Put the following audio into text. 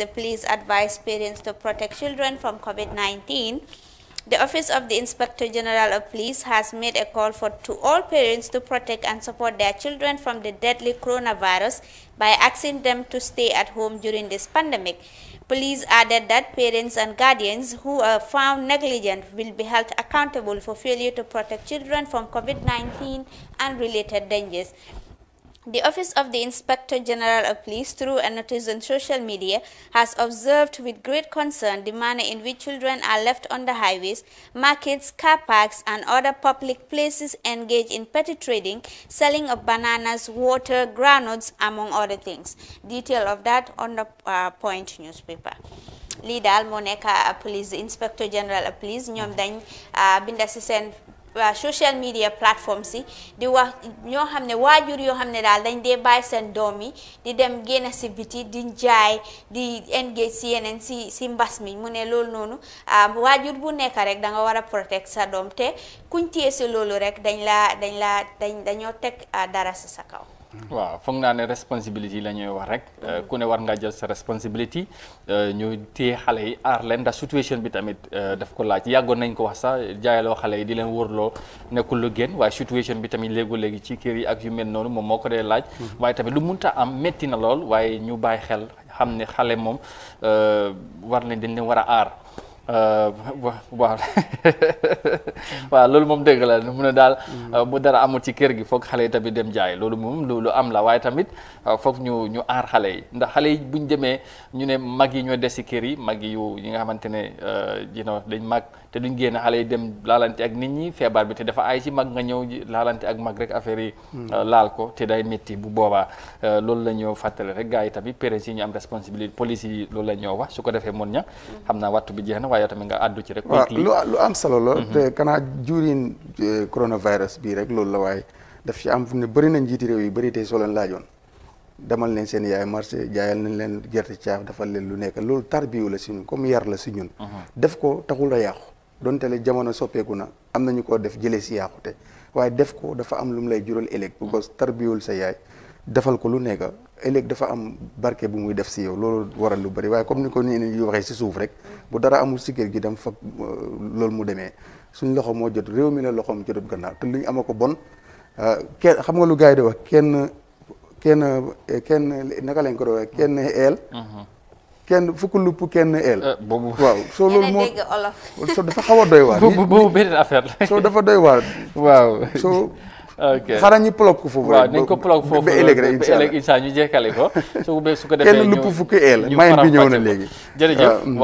the police advise parents to protect children from COVID-19, the Office of the Inspector General of Police has made a call for to all parents to protect and support their children from the deadly coronavirus by asking them to stay at home during this pandemic. Police added that parents and guardians who are found negligent will be held accountable for failure to protect children from COVID-19 and related dangers. The Office of the Inspector General of Police, through a notice on social media, has observed with great concern the manner in which children are left on the highways, markets, car parks, and other public places engaged in petty trading, selling of bananas, water, granules, among other things. Detail of that on the uh, Point newspaper. lii daal uh, police inspector general police ñoom dañ uh, binda si waaw social media platforms yi di wax ñoo xam ne waajur yoo xam ne daal dañ dee bàyyi seen doom yi di dem génna si biti di jaay di engage si yeneen si si mbas mi mu ne loolu noonu waajur bu nekk rek da nga war a protect sa doom te kuñ téye si loolu rek dañ la dañ la dañ dañoo teg ah, dara si sa kaw waaw foog naa ne responsabilité yi la ñuy wax rek euh, ku ne war ngaa jël sa responsabilité euh, ñu téye xale yi aar leen ndax situation bi tamit euh, daf ko laaj yàggoon nañ ko wax sax jaayaloo xale yi di leen wóorloo nekkul lu gën waaye situation bi tamit léegu léegi ci kër yi ak yu mel noonu moom moo ko dee laaj mhm. waaye tamit lu mun munta am metti na lool waaye ñu bàyyi xel xam ne xale moom war nañ dañ leen war a aar waaw waaw loolu moom dëgg la mu ne daal bu hmm. uh, dara amul ci kër gi foog xale yi tamit dem jaay loolu moom am la waaye tamit uh, foog ñu ñu aar xale yi ndax xale yi buñ demee ñu ne mag yi ñoo des si kër yi mag yu yi nga xamante ne uh, you know dañ mag te duñ génn xale yi dem laalante ak nit ñi feebar bi te dafa ay si mag nga ñëw ag ak mag rek affaire yi hmm. laal ko te day métti bu boobaa loolu la ñoo fàttale rek gars tamit parents yi ñu am responsabilité police yi loolu la ñoo wax su ko defee mën hmm. wattu bi waaye tamit nga àddu ci rek. waaw lu lu am solo la. Mhm. te kanaa juurin e, coronavirus bii rek loolu la waaye daf ci am fu ne bëri na njiiti réew yi bëri te soo leen laajoon demal leen seen yaay marché jaayal na leen gerte caaf defal leen lu nekk loolu tarbiyu la si ñun comme yar la si ñun. Mhm. def ko taxul a yàqu. donte le jamono soppeeku na am na ñu koo def jëlee si yàqute waaye def ko dafa am lu mu lay jural ëllëg. parce mhm. que sa yaay defal ko lu nekk. ëllëg dafa am barke bu muy def si yow loolu waral lu bari waaye comme ni ko nii ñu waxee si suuf rek bu dara amul si kër gi dem fa euh, loolu mu demee suñ loxo moo jot réew mi la loxoom jotut gannaaw te lu ñu ama ko bon euh, kenn xam nga lu gars di wax kenn kenn kenn naka lañ ko doon waxee kenn eel. Mhm. kenn fukk lupp kenn eel. Euh, boobu waaw soo loolu moo dafa xaw a doy waar. boobu boobu beneen affaire la. soo dafa doy waar. waaw ok xanaa ñu plop ko foofu rek. nañ ko plop foofu ba ëllëg ñu jekkale ko. su ko defee ñu kenn lupp fukki eel mayen bi ñëw léegi.